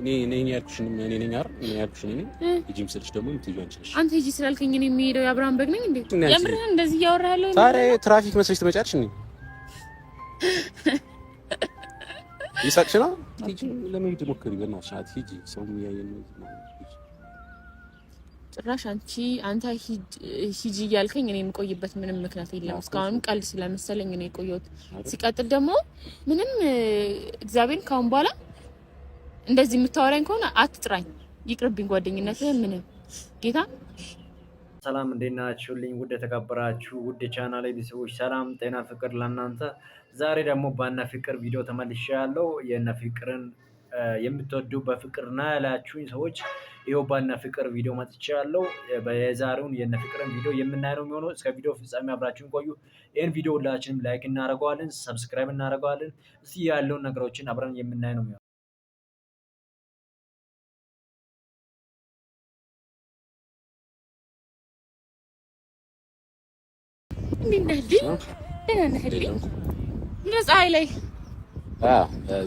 እኔ ነኝ ያልኩሽን እኔ ነኝ አይደል? እኔ ያልኩሽን እኔ ትራፊክ መስለሽ ትመጫለሽ። እኔ ይሳቅሽ ነው። ሂጂ ለመሄድ ሞክሪ በእናትሽ። አት ሂጂ ሰው የሚያየን ጭራሽ አንቺ አንተ ሂጂ እያልከኝ እኔ የምቆይበት ምንም ምክንያት የለም። እስካሁንም ቀልድ ስለመሰለኝ እኔ የቆየሁት። ሲቀጥል ደግሞ ምንም እግዚአብሔርን ካሁን በኋላ እንደዚህ የምታወራኝ ከሆነ አትጥራኝ፣ ይቅርብኝ ጓደኝነት ምንም ጌታ። ሰላም እንዴት ናችሁልኝ? ውድ የተከበራችሁ ውድ ቻናል ቤተሰቦች ሰላም፣ ጤና፣ ፍቅር ለእናንተ። ዛሬ ደግሞ በእነ ፍቅር ቪዲዮ ተመልሼ ያለው የእነ ፍቅርን የምትወዱ በፍቅር ና ያላችሁኝ ሰዎች ይኸው በእነ ፍቅር ቪዲዮ መጥቼ ያለው የዛሬውን የእነ ፍቅርን ቪዲዮ የምናየው የሚሆነው እስከ ቪዲዮ ፍጻሜ አብራችሁን ቆዩ። ይህን ቪዲዮ ሁላችንም ላይክ እናደርገዋለን፣ ሰብስክራይብ እናደርገዋለን። እስኪ ያለውን ነገሮችን አብረን የምናይ ነው። ነህልኝ? ደህና ፀሐይ ላይ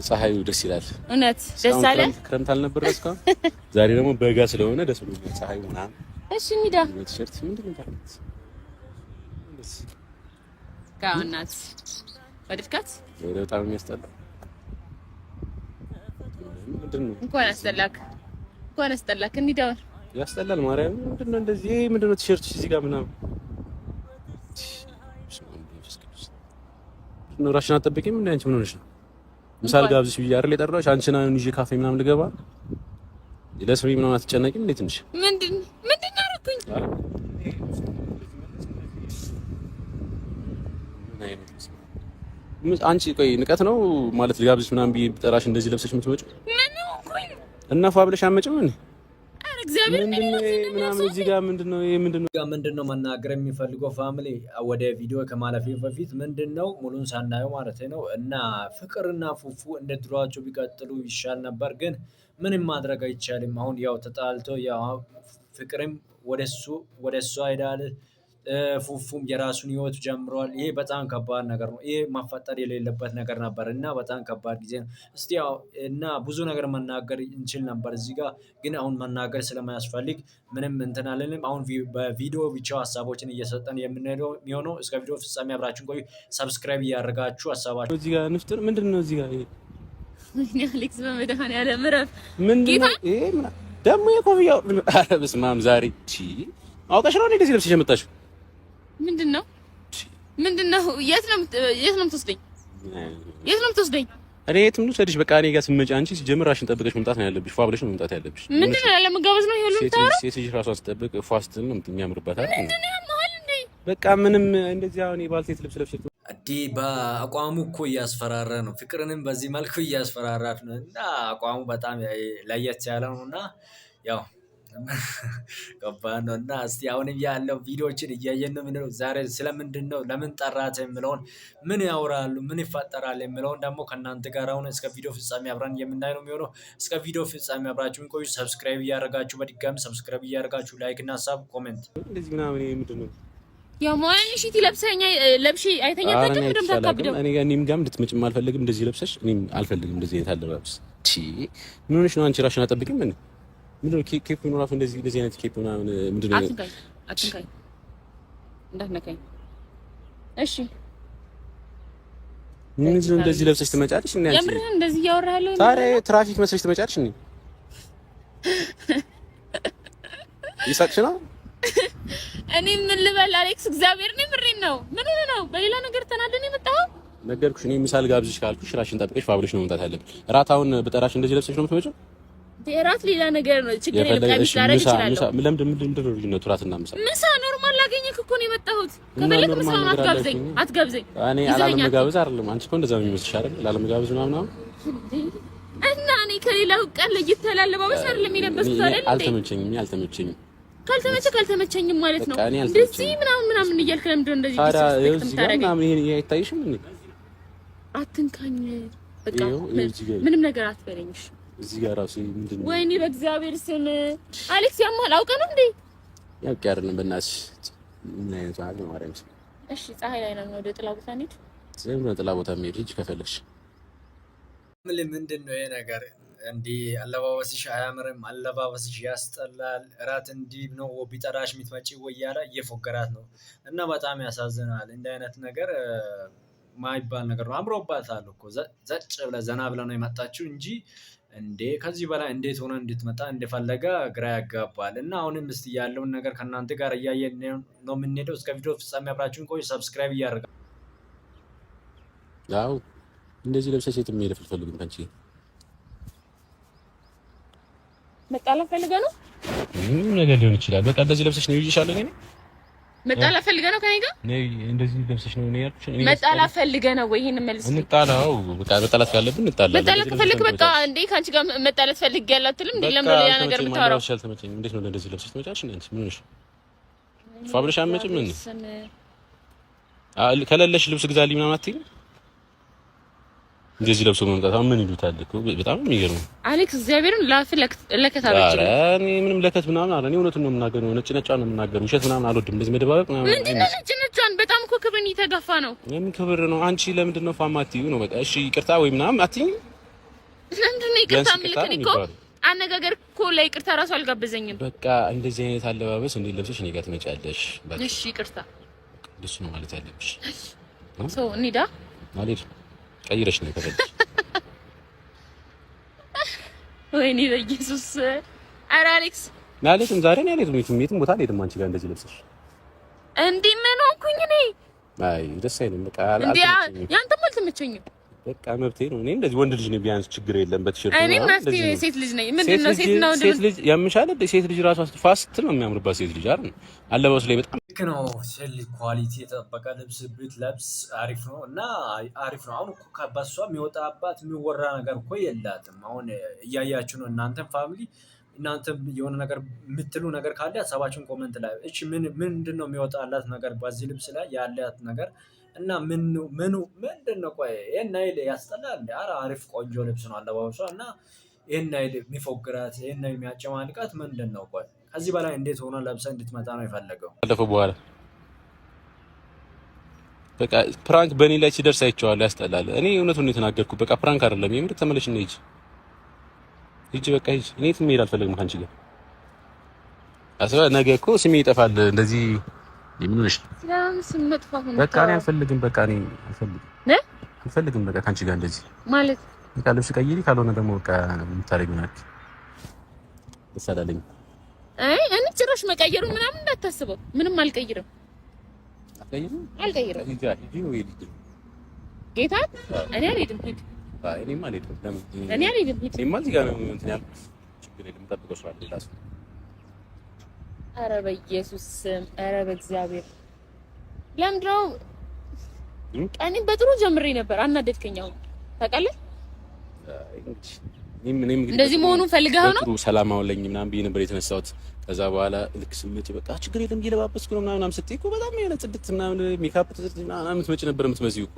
ፀሐዩ ደስ ይላል። እውነት ደስ አለ። ክረምት አልነበረ እስካሁን። ዛሬ ደግሞ በጋ ስለሆነ ደስ ብሎኛል። ፀሐዩ ምናምን። ቲሸርት ምንድን ነው በጣም የሚያስጠላ እንኳን አስጠላክ፣ እንኳን አስጠላክ። ያስጠላል። ማርያም ምንድን ነው እንደዚህ? ምንድን ነው ቲሸርት እዚህ ጋር ምናምን ራሽን አጠብቂም እንዴ? አንቺ ምን ሆነሽ ነው? ምሳ ጋብዝሽ ብዬሽ አይደል የጠራሁሽ? አንቺን አሁን ይዤ ካፌ ምናምን ልገባ ለስሪ ምናምን አትጨነቂም እንዴ? ትንሽ ምንድን ምንድን አደረኩኝ? አንቺ ቆይ ንቀት ነው ማለት ልጋብዝሽ ምናምን ብዬሽ ብጠራሽ እንደዚህ ለብሰሽ የምትመጪው ምን ነው? እና ፏ ብለሽ አትመጭም እንዴ? ምንድን ነው መናገር የሚፈልገው ፋሚሊ ወደ ቪዲዮ ከማለፌ በፊት ምንድን ነው ሙሉን ሳናየው ማለት ነው። እና ፍቅርና ፉፉ እንደ ድሯቸው ቢቀጥሉ ይሻል ነበር፣ ግን ምንም ማድረግ አይቻልም። አሁን ያው ተጣልቶ ያው ፍቅርም ወደሱ ወደ እሷ ሄዳል ፉፉም የራሱን ህይወት ጀምሯል። ይሄ በጣም ከባድ ነገር ነው። ይሄ ማፈጠር የሌለበት ነገር ነበር እና በጣም ከባድ ጊዜ ነው። እስቲ ያው እና ብዙ ነገር መናገር እንችል ነበር እዚህ ጋር ግን አሁን መናገር ስለማያስፈልግ ምንም እንትን አለንም። አሁን በቪዲዮ ብቻ ሀሳቦችን እየሰጠን የምንሄደው የሚሆነው እስከ ቪዲዮ ፍጻሜ አብራችን ቆዩ። ሰብስክራይብ እያደረጋችሁ ሀሳባችሁ እዚህ ጋር ንፍጥር ምንድን ነው እዚህ ጋር አሌክስ በመድሃን እረፍ ምንድን ነው ደግሞ የኮፍያው ኧረ በስመ አብ ዛሬ አውቀሽ ነው እንደዚህ ለብሰሽ የመጣሽው ምንድን ነው ምንድን ነው? የት ነው የት ነው የምትወስደኝ? የት ነው የምትወስደኝ? እኔ የትም ልውሰድሽ? በቃ እኔ ጋር ስመጪ አንቺ ሲጀምር ጠብቀሽ መምጣት ነው ያለብሽ። ፏ ብለሽ ነው መምጣት ያለብሽ። ምንድን ነው ነው ሴት ልጅ ራሷ ስትጠብቅ ፏ ስትል ነው በቃ ምንም እንደዚህ አሁን የባልቴት ልብስ ለብሰሽ እንዲ በአቋሙ እኮ እያስፈራረ ነው። ፍቅርንም በዚህ መልኩ እያስፈራራት ነው እና አቋሙ በጣም ለየት ያለ ነው እና ያው አይደለም። ገባህ ነው። እና እስቲ አሁንም ያለው ቪዲዮችን እያየን ነው የምንለው። ዛሬ ስለምንድን ነው ለምን ጠራት የምለውን ምን ያወራሉ፣ ምን ይፈጠራል የምለውን ደግሞ ከእናንተ ጋር አሁን እስከ ቪዲዮ ፍጻሜ አብረን የምናይ ነው የሚሆነው። እስከ ቪዲዮ ፍጻሜ አብራችሁን ቆዩ። ሰብስክራይብ እያደረጋችሁ በድጋሚ ሰብስክራይብ እያደረጋችሁ ላይክ እና ሀሳብ ኮሜንት እንደዚህ ምናምን ምንድን ነው ለብሰኛ አይተኛ ደም እኔ ጋር እኔም ጋር እንድትመጭም አልፈልግም። እንደዚህ ለብሰሽ እኔም አልፈልግም። እንደዚህ ምን ሆነሽ ነው አንቺ? ራሽን አጠብቂም ምን ምንድን ነው ኬክ ነው እራሱ እንደዚህ እንደዚህ አይነት ኬክ ምናምን ምንድን ነው? አትንካኝ አትንካኝ፣ እንዳትነካኝ እሺ። ምንድን እንደዚህ ለብሰሽ ትመጫለሽ? እና አንቺ የምርህን እንደዚህ እያወራህ ያለው ታዲያ ትራፊክ መስለሽ ትመጫለሽ? እኔ ይሳቅሽ ነው። እኔ ምን ልበል አሌክስ? እግዚአብሔር ነው ምሪን ነው። ምን ሆነህ ነው? በሌላ ነገር ተናደን የመጣኸው? ነገርኩሽ። እኔ ምሳል ጋብዝሽ ካልኩሽ ራሽን ጠብቀሽ ፋብሪሽ ነው መምጣት ያለብሽ። እራት በጠራሽ እንደዚህ ለብሰሽ ነው የምትመጪው? እራት ሌላ ነገር ነው። ችግር የለም። ቀሚስ ላደርግ እችላለሁ። ለምንድን ምንድን ነው ልዩነቱ? እና ምሳ ምሳ ኖርማል ላገኘህ እኮ ነው የመጣሁት። ከፈለክ ምሳውን አትጋብዘኝ፣ አትጋብዘኝ። እኔ አላለመጋበዝ አይደለም። አንቺ እኮ እንደዛ ነው የሚመስልሽ አይደል? ላለመጋበዝ ምናምን አሁን እና እኔ ከሌላው ቀን ለየት ያለ አለባበስ አይደለም የለበስኩት አይደል? አልተመቸኝም፣ አልተመቸኝም ካልተመቸ ካልተመቸኝም ማለት ነው። እንደዚህ ምናምን ምናምን እያልክ ለምንድን ነው እንደዚህ ምናምን? ይሄ አይታይሽም? አትንካኝ፣ በቃ ምንም ነገር አትበለኝሽ እዚህ ጋር ራሱ ምንድን ነው? ወይኔ በእግዚአብሔር ስም አሌክስ ያማል። አውቀ ነው እንዴ? ያውቅ አይደለም። በእናትሽ ምን አይነት ፀሐይ ነው ማርያም። እሺ ፀሐይ ላይ ነው ወደ ጥላ ቦታ እንሂድ። ዝም ብለን ጥላ ቦታ እንሂድ ሂጅ ከፈለግሽ። ምን ምንድን ነው ይሄ ነገር? እንዲህ አለባበስሽ አያምርም፣ አለባበስሽ ያስጠላል፣ እራት እንዲህ ነው ቢጠራሽ የምትመጪ ወይ እያለ እየፎገራት ነው። እና በጣም ያሳዝናል። እንዲህ አይነት ነገር ማይባል ነገር ነው። አምሮባታል እኮ ዘጭ ብለ ዘና ብለ ነው የመጣችው እንጂ እንዴ ከዚህ በላይ እንዴት ሆነ እንድትመጣ እንደፈለገ ግራ ያጋባል። እና አሁንም እስቲ ያለውን ነገር ከእናንተ ጋር እያየን ነው የምንሄደው። እስከ ቪዲዮ ፍጻሜ አብራችሁን ቆዩ። ሰብስክራይብ እያደርጋል። አዎ እንደዚህ ለብሰ ሴት የሚሄድ ፍልፈልግም ከንቺ መጣላ ፈልገ ነው ምንም ነገር ሊሆን ይችላል። በቃ እንደዚህ ለብሰሽ ነው ይይሻለን መጣላ ፈልገህ ነው ከኔ ጋር? ነይ እንደዚህ ለምሰሽ ነው ያልኩሽ። መጣላ ፈልገህ ነው ወይ? ይሄን መልስ እንጣላው። በቃ መጣላት ካለብን እንጣላለን። መጣላት ከፈለክ በቃ እንዴ ካንቺ ጋር መጣላት ፈልጌ ያላትልም እንዴ? ለምን ሌላ ነገር የምታወራው? አልተመቸኝም። እንዴት ነው እንደዚህ ለብሰሽ ትመጫለሽ? እንዴት ምን ሆነሽ? ፋብሪሽ አትመጭም? ምን ከሌለሽ ልብስ ግዛልኝ ምናምን አትይም? እንደዚህ ለብሶ መምጣት ምን ይሉታል እኮ በጣም የሚገርም አሌክስ እግዚአብሔርን ላፍ ለከት አለች። ኧረ ምንም ለከት ምናምን አለ። እኔ እውነቱን ነው የምናገረው፣ ነጭ ነጯን ነው የምናገረው። ውሸት ምናምን አልወድም። እንደዚህ መደባበቅ ምናምን ምንድን ነው ነጭ ነጯን። በጣም እኮ ክብርን እየተጋፋ ነው። ምን ክብር ነው? አንቺ ለምንድን ነው ፋማ አትይው ነው? በቃ እሺ ይቅርታ ወይ ምናምን አትይኝ። ለምንድን ነው ይቅርታ የሚልከኝ እኮ አነጋገር እኮ ላይ ይቅርታ ራሱ አልጋበዘኝም። በቃ እንደዚህ አይነት አለባበስ እንዴት ለብሰሽ እኔ ጋር ትመጪያለሽ? እሺ ይቅርታ፣ እሱ ነው ማለት ያለብሽ። ሰው እንሂዳ አልሄድም ቀይረሽ ነው ከፈለግሽ። ወይኔ በኢየሱስ! ኧረ አሌክስ አልሄድም፣ ዛሬ ነው አልሄድም፣ የትም ቦታ አልሄድም። አንቺ ጋር እንደዚህ ለብሰሽ እንዴ ምን ሆንኩኝ እኔ? አይ ደስ አይልም። በቃ ያንተም አልተመቸኝም። በቃ መብቴ ነው። እኔ እንደዚህ ወንድ ልጅ ነኝ፣ ቢያንስ ችግር የለም። በቲሸርት እኔ ናስቲ ሴት ልጅ ነኝ። ምንድን ነው ሴት ነው ሴት ልጅ ያምሻል። ሴት ልጅ ራሷ ፋስት ነው የሚያምርባት ሴት ልጅ አይደል? አለባበስ ላይ በጣም ልክ ነው። ስል ኳሊቲ የተጠበቀ ልብስ ለብስ አሪፍ ነው እና አሪፍ ነው። አሁን እኮ የሚወጣ የሚወጣባት የሚወራ ነገር እኮ የላትም። አሁን እያያችሁ ነው እናንተም ፋሚሊ እናንተ የሆነ ነገር የምትሉ ነገር ካለ ሀሳባችን ኮመንት ላይ እች ምንድን ነው የሚወጣላት ነገር በዚህ ልብስ ላይ ያላት ነገር እና ምኑ ምንድን ነው? ቆይ ይህን ይል ያስጠላል። ኧረ አሪፍ ቆንጆ ልብስ ነው አለባበሷ እና ይህን ይል የሚፎግራት ይህን የሚያጨማልቃት ምንድን ነው? ቆይ ከዚህ በላይ እንዴት ሆኖ ለብሰ እንድትመጣ ነው የፈለገው? ካለፈው በኋላ በቃ ፕራንክ በእኔ ላይ ሲደርስ አይቼዋለሁ። ያስጠላል። እኔ እውነቱን የተናገርኩ በቃ ፕራንክ አይደለም። የምር ተመለሽ እና ሂጂ ሂጂ፣ በቃ ሂጂ። እኔ የትም መሄድ አልፈለግም ከአንቺ ጋር አስባ። ነገ እኮ ስሜ ይጠፋል። እንደዚህ የምንሽ በቃ እኔ አልፈልግም። በቃ እኔ አልፈልግም አልፈልግም። በቃ ከአንቺ ጋር እንደዚህ ማለት በቃ ልብስ ቀይሪ፣ ካልሆነ ደግሞ በቃ የምታደርጊው ናት። ደስ አይ እኔ ጭራሽ መቀየሩ ምናምን እንዳታስበው፣ ምንም አልቀይርም። አልቀይርም አልቀይርም። ጌታ እኔ በኢየሱስ ስም፣ በእግዚአብሔር ለምንድን ቀኔን በጥሩ ጀምሬ ነበር። አናደድከኝ ታውቃለህ። እንደዚህ መሆኑን ፈልገህ ነው? ጥሩ ሰላም አውለኝ ምናምን ብዬሽ ነበር የተነሳሁት። ከዛ በኋላ ልክ ስምጭ በቃ ችግር የለም እየለባበስኩ ነው ምናምን ስትይ እኮ በጣም የሆነ ጽድት ምናምን ሜካፕ የምትመጪ ነበር የምትመስዪው እኮ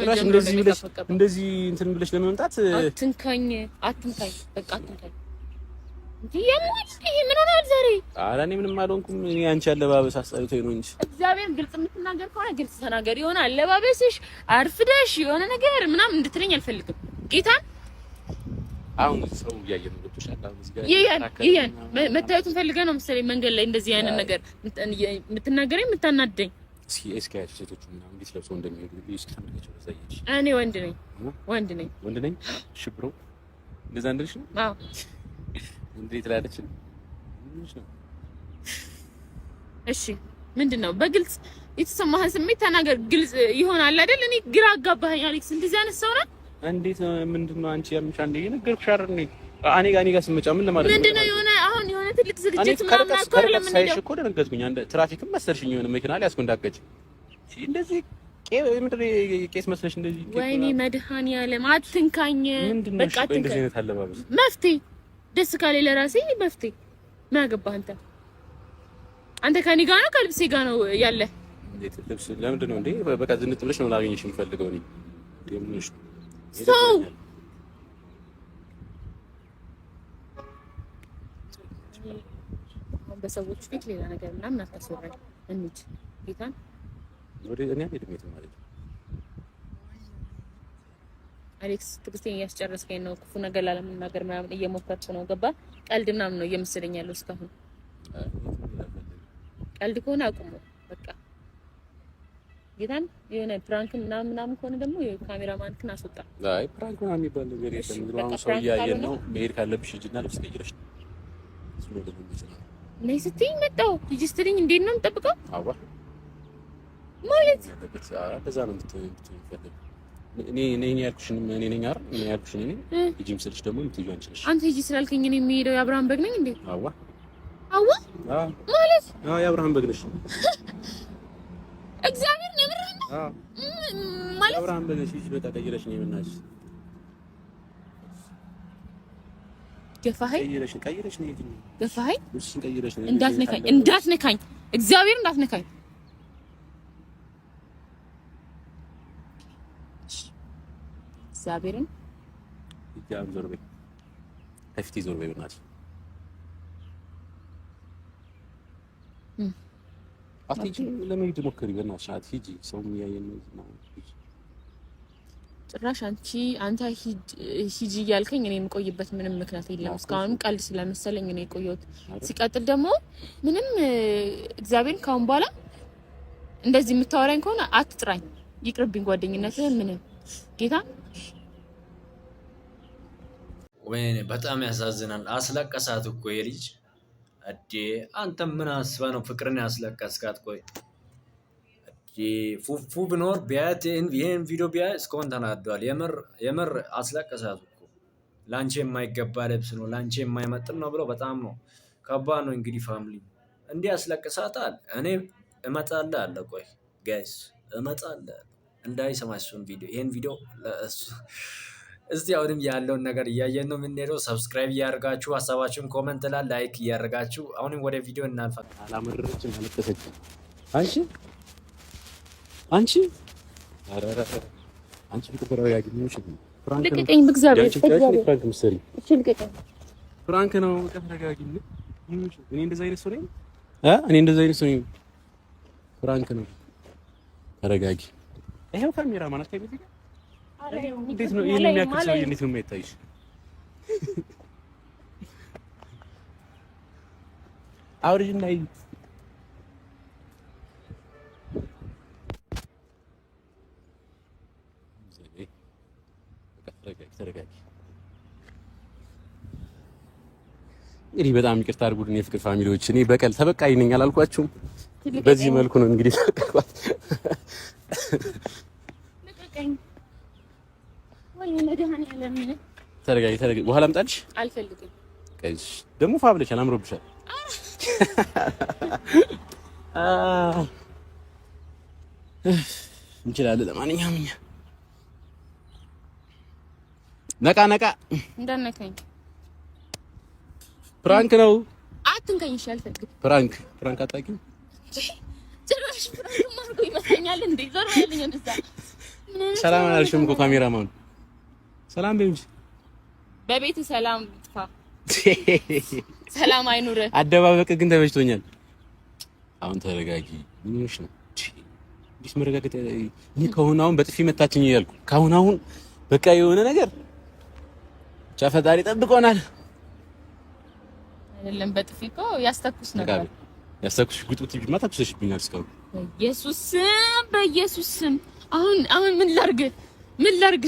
ጭራሽ እንደዚህ ብለሽ እንደዚህ እንትን ብለሽ ለመምጣት አትንካኝ፣ አትንካኝ፣ በቃ አትንካኝ። ምን ሆነሃል ዛሬ? ኧረ እኔ ምንም አልሆንኩም። እኔ አንቺ አለባበስ አስጠልቶኝ ነው እንጂ እግዚአብሔር ግልጽ የምትናገር ከሆነ ግልጽ ተናገር። የሆነ አለባበስሽ አርፍደሽ የሆነ ነገር ምናምን እንድትለኝ አልፈልግም ጌታን አሁን ይያን መታየቱን ፈልገ ነው መሰለኝ። መንገድ ላይ እንደዚህ አይነት ነገር የምትናገረኝ የምታናደኝ እኔ ወንድ ነኝ ወንድ ነኝ ወንድ ነኝ ሽብሮ እንደዛ እንደልሽ ነው። አዎ እንዴት ላለች እሺ፣ ምንድን ነው በግልጽ የተሰማህን ስሜት ተናገር። ግልጽ ይሆናል አይደል? እኔ ግራ አጋባኸኝ አሌክስ። እንደዚህ አይነት ሰው ነው እንዴት ምንድን ነው አንቺ ያምሻ እንደ የነገርኩሽ አይደል? እኔ ጋር እኔ ጋር ስትመጪ ምን ለማለት ነው? ምንድን ነው የሆነ አሁን የሆነ ትልቅ ዝግጅት ምናምን እኮ አይደለም። ሳይሽ እኮ ደነገጥኩኝ። አንድ ትራፊክም መሰልሽኝ የሆነ መኪና ላይ አስኩ እንዳገጭ እንደዚህ ቄስ መስለሽ እንደዚህ። ወይኔ መድኃኒዓለም አትንካኝ። በቃ እንደዚህ አይነት አለባበስ መፍትሄ ደስ ካለ ለራሴ መፍትሄ ምን አገባህ አንተ አንተ ከኔ ጋር ነው ከልብሴ ጋር ነው ያለ። ልብስ ለምንድን ነው እንዴ? በቃ ዝንጥ ብለሽ ነው ላገኘሽ የምፈልገው እኔ ሰው በሰዎች ፊት ሌላ ነገር ምናምን አታስወራኝ። እንሂድ ጌታን ወደ እኔ አልሄድም የትም ማለት አሌክስ እያስጨረስከኝ ነው። ክፉ ነገር ላለመናገር ምናምን እየሞከርኩ ነው። ገባ ቀልድ ምናምን ነው እየመሰለኝ ያለው እስካሁን። ቀልድ ከሆነ አቁሙ። ጌታን የሆነ ፕራንክ ምናምን ምናምን ከሆነ ደግሞ የካሜራ ማንክን አስወጣ። አይ ፕራንክ ምናምን የሚባል ነገር የለም። አሁን ሰው እያየን ነው። መሄድ ካለብሽ ሂጂና ልብስ ቀይረሽ ነይ ስትይኝ መጣሁ። ሂጂ ስትይኝ እንዴት ነው የምጠብቀው? ማለት እንደዛ ነው የምትፈልገው። እኔ ያልኩሽን እኔ ነኝ አይደል? እኔ ያልኩሽን እኔ ሂጂም ስልሽ ደግሞ የምትይው አንቺ ነሽ። አንተ ሂጂ ስላልከኝ እኔ የምሄደው የአብርሃም በግ ነኝ እንዴ? አዋ አዋ ማለት አዎ፣ የአብርሃም በግ ነሽ። እግዚአብሔር ማለት አብርሃም በለሽ ልጅ በቃ ቀይረሽ ነው የምናሽ እንዳትነካኝ እግዚአብሔር እንዳትነካኝ። እግዚአብሔርን ዞር በይ፣ ከፊቴ ዞር በይ አትሄጂም? ለመሄድ ሞክሪ በእናትሽ አትሄጂ። ሰው የሚያየን ነው። ጭራሽ አንቺ አንተ ሂጂ እያልከኝ እኔ የምቆይበት ምንም ምክንያት የለም። እስካሁንም ቀልድ ስለመሰለኝ እኔ የቆየሁት። ሲቀጥል ደግሞ ምንም እግዚአብሔርን ካሁን በኋላ እንደዚህ የምታወራኝ ከሆነ አትጥራኝ፣ ይቅርብኝ ጓደኝነት ምንም ጌታ። ወይኔ በጣም ያሳዝናል። አስለቀሳት እኮ የልጅ እዴ አንተ ምን አስበህ ነው ፍቅርን ያስለቀስካት? ቆይ ፉፉ ብኖር ቢያት ይህን ቪዲዮ ቢያ እስካሁን ተናዷል። የምር አስለቀሳት እኮ ለአንቺ የማይገባ ልብስ ነው ለአንቺ የማይመጥን ነው ብለው በጣም ነው ከባድ ነው። እንግዲህ ፋምሊ እንዲህ ያስለቅሳታል። እኔ እመጣለ አለ። ቆይ ጋይስ እመጣለ እንዳይሰማ እሱን ቪዲዮ ይህን ቪዲዮ ለእሱ እስቲ አሁንም ያለውን ነገር እያየን ነው የምንሄደው። ሰብስክራይብ እያደርጋችሁ ሀሳባችሁን ኮመንት ላ ላይክ እያደርጋችሁ አሁንም ወደ ቪዲዮ እናልፋለን። አላመረረችም፣ አንቺ አንቺ አንቺ ብትበራው ያገኘሽ በእግዚአብሔር ፍራንክ ነው። እኔ እንደዛ አይነት ሰው ነኝ። እኔ አይነት ሰው ነኝ። ፍራንክ ነው። ተረጋጊ። ይሄው ካሜራ ማለት ከቤት ጋር እንዴት ነው ይሄን የሚያክል ሰው እንዴት ነው የማይታይሽ? አውሪሽ እና ይሄ እንግዲህ በጣም ይቅርታ አድርጉልኝ የፍቅር ፋሚሊዎች፣ እኔ በቀል ተበቃይ ነኝ አላልኳችሁም። በዚህ መልኩ ነው እንግዲህ ተረጋጊ፣ ተረጋጊ። ውሃ ላምጣልሽ? አልፈልግም። ቀይስ ደግሞ ፋ ብለሻል፣ አምሮብሻል። እንችላለን። ለማንኛውም እኛ ነቃ ነቃ እንዳነካኝ ፕራንክ ነው። አትንከኝ። እሺ፣ አልፈልግም። ፕራንክ ፕራንክ አታውቂም። ሰላም አላልሽም እኮ ካሜራማን ሰላም በይ እንጂ በቤት ሰላም ጥፋ። ሰላም አይኑር። አደባበቅ ግን ተመችቶኛል። አሁን ተረጋጊ። ምን ሆነሽ ነው? እንዴት መረጋገጥ? ይህ ከአሁን አሁን በጥፊ መታችኝ እያልኩ ከአሁን አሁን በቃ የሆነ ነገር ብቻ ፈጣሪ ጠብቆናል። አይደለም በጥፊ እኮ ያስተኩስ ነበር። ያስተኩስ ጉጥብት ቢማ ተኩሰሽብኛል እስካሁን። በኢየሱስ ስም በኢየሱስ ስም አሁን አሁን ምን ላርግ? ምን ላርግ?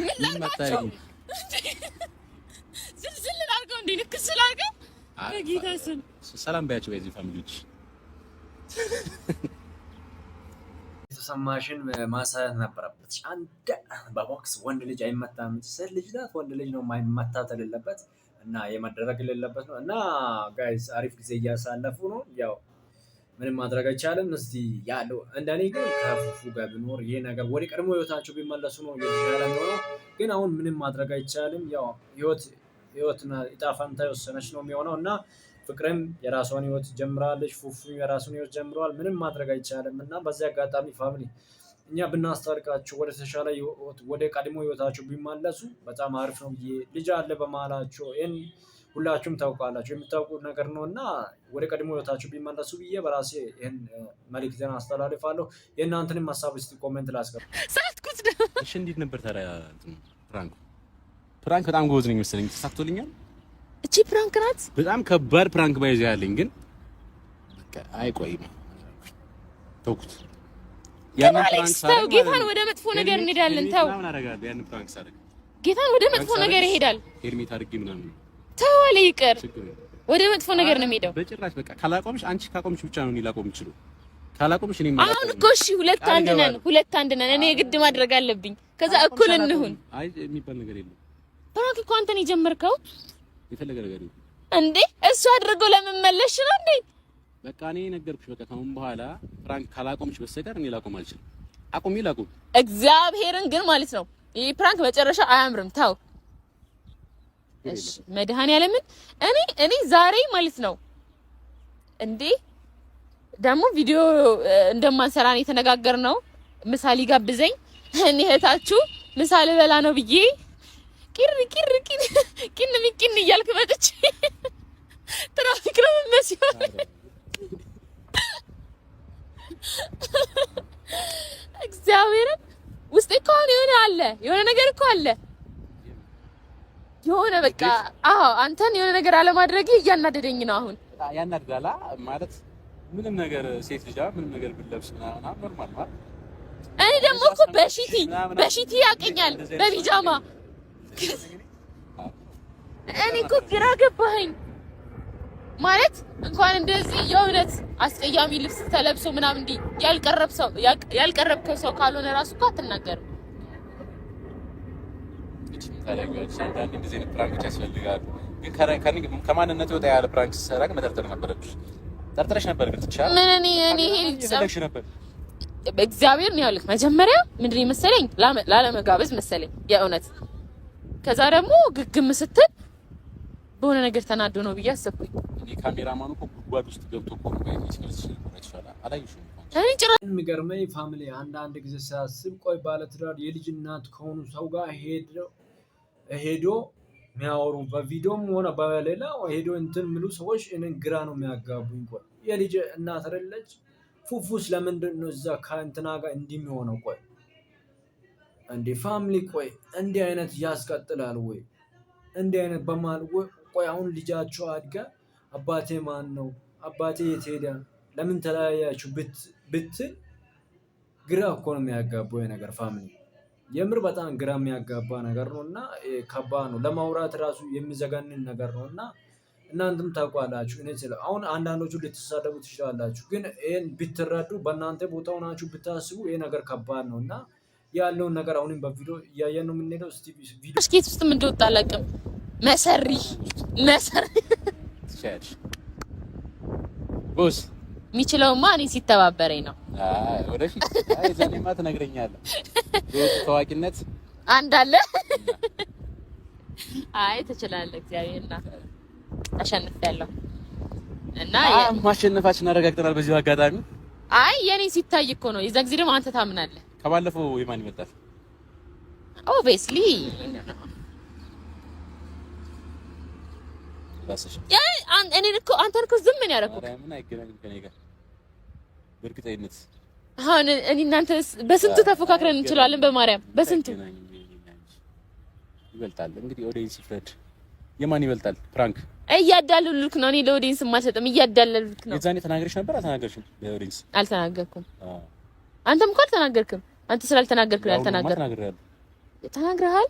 ምን ላድርጋቸው? ዝልዝል ላድርገው? እንደ ንክስ ላድርገው? በጌታ ስም ሰላም በያቸው። የዚህ ፋሚሊዎች የተሰማሽን ማሳያት ነበረበት። አንድ በቦክስ ወንድ ልጅ አይመታም። ሴት ልጅ ናት፣ ወንድ ልጅ ነው ማይመታት የሌለበት እና የመደረግ የሌለበት ነው። እና ጋይስ አሪፍ ጊዜ እያሳለፉ ነው ያው ምንም ማድረግ አይቻልም። እስቲ ያለው እንደኔ ግን ከፉፉ ጋር ቢኖር ይሄ ነገር ወደ ቀድሞ ህይወታቸው ቢመለሱ ነው የተሻለ ነው። ግን አሁን ምንም ማድረግ አይቻልም። ያው ህይወት ህይወትና ዕጣ ፈንታ የወሰነች ነው የሚሆነው እና ፍቅርም የራሷን ህይወት ጀምራለች፣ ፉፉ የራሱን ህይወት ጀምረዋል። ምንም ማድረግ አይቻልም እና በዚህ አጋጣሚ ፋሚሊ እኛ ብናስታርቃቸው ወደ ተሻለ ወደ ቀድሞ ህይወታቸው ቢመለሱ በጣም አሪፍ ነው ብዬ ልጅ አለ በመሀላቸው ሁላችሁም ታውቃላችሁ የምታውቁ ነገር ነው እና ወደ ቀድሞ ህይወታችሁ ቢመለሱ ብዬ በራሴ ይህን መልዕክትን አስተላልፋለሁ። የእናንተንም ሀሳብ ስ ኮሜንት ላስገባ ሳትኩት። እሺ፣ እንዴት ነበር ታዲያ ፕራንክ? ፕራንክ በጣም ጎበዝ ነኝ መሰለኝ፣ ተሳክቶልኛል። እቺ ፕራንክ ናት፣ በጣም ከባድ ፕራንክ ባይዘ ያለኝ ግን አይቆይም፣ ተውኩት። ተው ጌታን ወደ መጥፎ ነገር እንሄዳለን። ተው ጌታን ወደ መጥፎ ነገር ይሄዳል። ሄርሜት አድርጌ ምናምን ተዋለ ይቅር፣ ወደ መጥፎ ነገር ነው የሚሄደው። በጭራሽ በቃ ካላቆምሽ፣ አንቺ ካቆምሽ ብቻ ነው እኔ ላቆም ይችላል። ካላቆምሽ እኔ ማለት አሁን እኮ እሺ፣ ሁለት አንድ ነን፣ ሁለት አንድ ነን። እኔ ግድ ማድረግ አለብኝ። ከዛ እኩል እንሁን። አይ የሚባል ነገር የለም። ፕራንክ እኮ አንተን የጀመርከው የፈለገ ነገር ነው እንዴ? እሱ አድርጎ ለምመለሽ ነው እንዴ? በቃ እኔ ነገርኩሽ። በቃ ከአሁን በኋላ ፕራንክ ካላቆምሽ በስተቀር እኔ ላቆም አልችልም። አቁሚ፣ ላቁም። እግዚአብሔርን ግን ማለት ነው ይሄ ፕራንክ መጨረሻ አያምርም። ታው መድኃኒዓለምን እኔ እኔ ዛሬ ማለት ነው እንዴ ደግሞ ቪዲዮ እንደማንሰራ ነው ነው። ምሳ ሊጋብዘኝ እኔ እህታችሁ ምሳ ልበላ ነው ብዬ ቂር የሆነ በቃ አዎ፣ አንተን የሆነ ነገር አለማድረግ እያናደደኝ ነው። አሁን ያናድዳል ማለት ምንም ነገር ሴት ልጅ ምንም ነገር ብለብስ ምናምን ኖርማል ማለት እኔ ደግሞ እኮ በሺቲ በሺቲ ያቀኛል በቢጃማ እኔ እኮ ግራ ገባኸኝ ማለት እንኳን እንደዚህ የእውነት አስቀያሚ ልብስ ተለብሶ ምናምን እንዲህ ያልቀረብከው ሰው ካልሆነ ራሱ እኮ አትናገርም። ታደርጋለች ታደርጋለች። አንዳንድ እንደዚህ አይነት ፕራንኮች ያስፈልጋል። ግን ከማንነት ወጣ ያለ ፕራንክ ሲሰራ ግን መጠርጠር ነበረብሽ። ጠርጥረሽ ነበር ግን ትችያለሽ። ምን እኔ እኔ ይሄ ነበር እግዚአብሔር ነው ያልክ። መጀመሪያ ምንድን መሰለኝ ላለመጋበዝ መሰለኝ የእውነት ከዛ ደግሞ ግግም ስትል በሆነ ነገር ተናዶ ነው ብዬ አሰብኩኝ። እኔ ካሜራማኑ እኮ ጉድጓድ ውስጥ ገብቶ እኮ የሚገርመኝ ፋሚሊ አንዳንድ ጊዜ ሳስብ ቆይ ባለትዳር የልጅ እናት ከሆኑ ሰው ጋር ሄደው ሄዶ የሚያወሩ በቪዲዮም ሆነ በሌላ ሄዶ እንትን ምሉ ሰዎች እኔን ግራ ነው የሚያጋቡኝ። ቆይ የልጅ እናት አይደለች? ፉፉስ ለምንድን ነው እዛ ከእንትና ጋር እንዲህ የሚሆነው? ቆይ እንዲህ ፋሚሊ ቆይ እንዲህ አይነት ያስቀጥላል ወይ? እንዲህ አይነት በማል ቆይ አሁን ልጃቸው አድጋ አባቴ ማን ነው አባቴ የት ሄደ ለምን ተለያያችሁ ብትል ግራ እኮ ነው የሚያጋባው ነገር ፋሚሊ የምር በጣም ግራ የሚያጋባ ነገር ነው እና ከባድ ነው ለማውራት ራሱ የሚዘገንን ነገር ነው። እና እናንተም ታውቋላችሁ እኔ ስለ አሁን አንዳንዶቹ ልትሳደቡ ትችላላችሁ፣ ግን ይህን ብትረዱ በእናንተ ቦታ ሆናችሁ ብታስቡ ይህ ነገር ከባድ ነው እና ያለውን ነገር አሁንም በቪዲዮ እያየን ነው የምንሄደው። እስቲ ስኬት ውስጥም እንደወጣ አላውቅም። መሰሪ መሰሪ ቦስ የሚችለውማ እኔ ሲተባበረኝ ነው ወደፊት ዛሌማ ትነግረኛለህ። ታዋቂነት አንድ አለ። አይ ትችላለህ። እግዚአብሔር ና አሸንፌያለሁ እና ማሸነፋችን አረጋግጠናል። በዚሁ አጋጣሚ አይ የኔ ሲታይ እኮ ነው። የዛ ጊዜ ደግሞ አንተ ታምናለህ። ከባለፈው የማን ይበልጣል? ኦብቪስሊ እኔ እኮ አንተን እኮ ዝም ነው ያደረኩት። በእርግጠኝነት አሁን እኔ እናንተ በስንቱ ተፎካክረን እንችላለን። በማርያም በስንቱ ይበልጣል። እንግዲህ ኦዲየንስ ይፍረድ። የማን ይበልጣል? ፕራንክ እያዳለሉልክ ነው። እኔ ለኦዲየንስ የማልሰጥም እያዳለሉልክ ነው። የዛኔ ተናገርሽ ነበር አልተናገርሽም? ለኦዲየንስ አልተናገርኩም። አንተም እኮ አልተናገርክም። አንተ ስላልተናገርክ ነው ያልተናገርኩት። ተናግረሃል።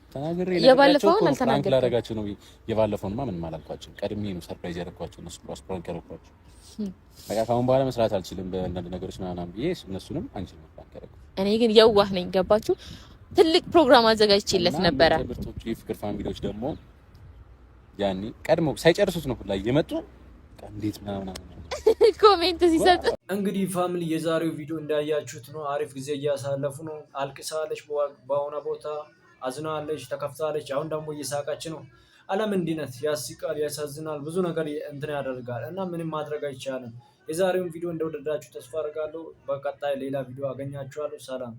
የባለፈውን አልተናገርኩም። ላደርጋቸው ነው። የባለፈውንማ ምንም አላልኳቸው። ቀድሜ ነው ሰርፕራይዝ ያደረኳቸው። እነሱ ራሱ ፕራንክ ያደረኳቸው። በቃ ከአሁን በኋላ መስራት አልችልም በአንዳንድ ነገሮች ምናምን ብዬ እነሱንም አንችልም ነው ፕራንክ ያደረኩት። እኔ ግን የዋህ ነኝ። ገባችሁ? ትልቅ ፕሮግራም አዘጋጅቼለት ነበረ። ብርቶቹ የፍቅር ፋሚሊዎች ደግሞ ያኔ ቀድሞ ሳይጨርሱት ነው ሁላ እየመጡ እንዴት ምናምን ኮሜንት ሲሰጥ እንግዲህ ፋሚሊ የዛሬው ቪዲዮ እንዳያችሁት ነው። አሪፍ ጊዜ እያሳለፉ ነው። አልቅሳለች በአሁኗ ቦታ አዝናለች፣ ተከፍታለች። አሁን ደግሞ እየሳቀች ነው። ዓለም እንዲህ ናት። ያስቃል፣ ያሳዝናል፣ ብዙ ነገር እንትን ያደርጋል እና ምንም ማድረግ አይቻልም። የዛሬውን ቪዲዮ እንደወደዳችሁ ተስፋ አድርጋለሁ። በቀጣይ ሌላ ቪዲዮ አገኛችኋለሁ። ሰላም